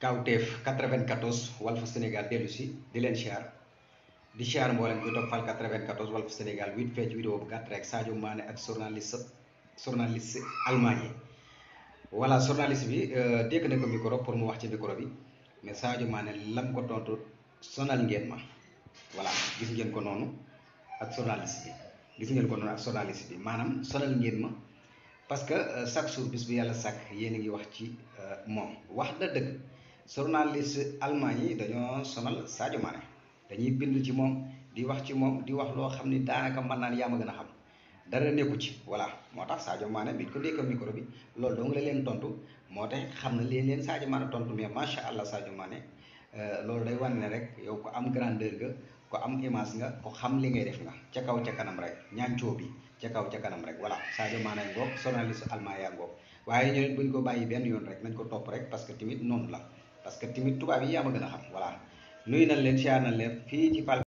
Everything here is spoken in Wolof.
kawteef 94 Walf Sénégal dellu si di leen siyaar di siyaar mboolem kuy toppal 94 Walf Sénégal wit fee ci vidéo bu gàtt rek Sadio Mané ak journaliste journaliste allemand yi voilà journaliste bi euh, dégg na ko micro pour mu wax ci micro bi mais Sadio Mané lam ko tontu sonal ngeen ma voilà gis ngeen ko noonu ak journaliste bi gis ngeen ko noonu ak journaliste bi maanaam sonal ngeen ma parce que euh, chaque jour bis bu yàlla sàkk yéen a ngi wax ci euh, moom wax na dëgg journaliste allemand yi dañoo sonal Sadio Mané dañuy bind ci moom di wax ci moom di wax loo xam ni daanaka mën naan yaa ma gën a xam dara nekku ci voilà moo tax Sadio Mané bi ko dékka micro bi loolu leen tontu moo tax xam na leen leen Sadio Mané tontu mais macha allah Sadio Mané euh, loolu day wane ne rek yow ko am grandeur nga ko am image nga ko xam li ngay def ca kaw ca kanam rek ñaancoo bi ca kaw ca kanam rek voilà Sadio Mané ngoog journaliste allemand yaa ngoog waaye ñooñu buñ ko bàyyi benn yoon rek nañ ko topp rek parce que tamit noonu la. parce que tamit tubaab yi yaa ma gën a xam voilà nuyu nañ leen siyaar nañ leen fii ci Fall.